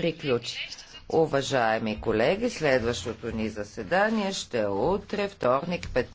приключи. Уважаеми колеги, следващото ни заседание ще е утре, вторник, 15.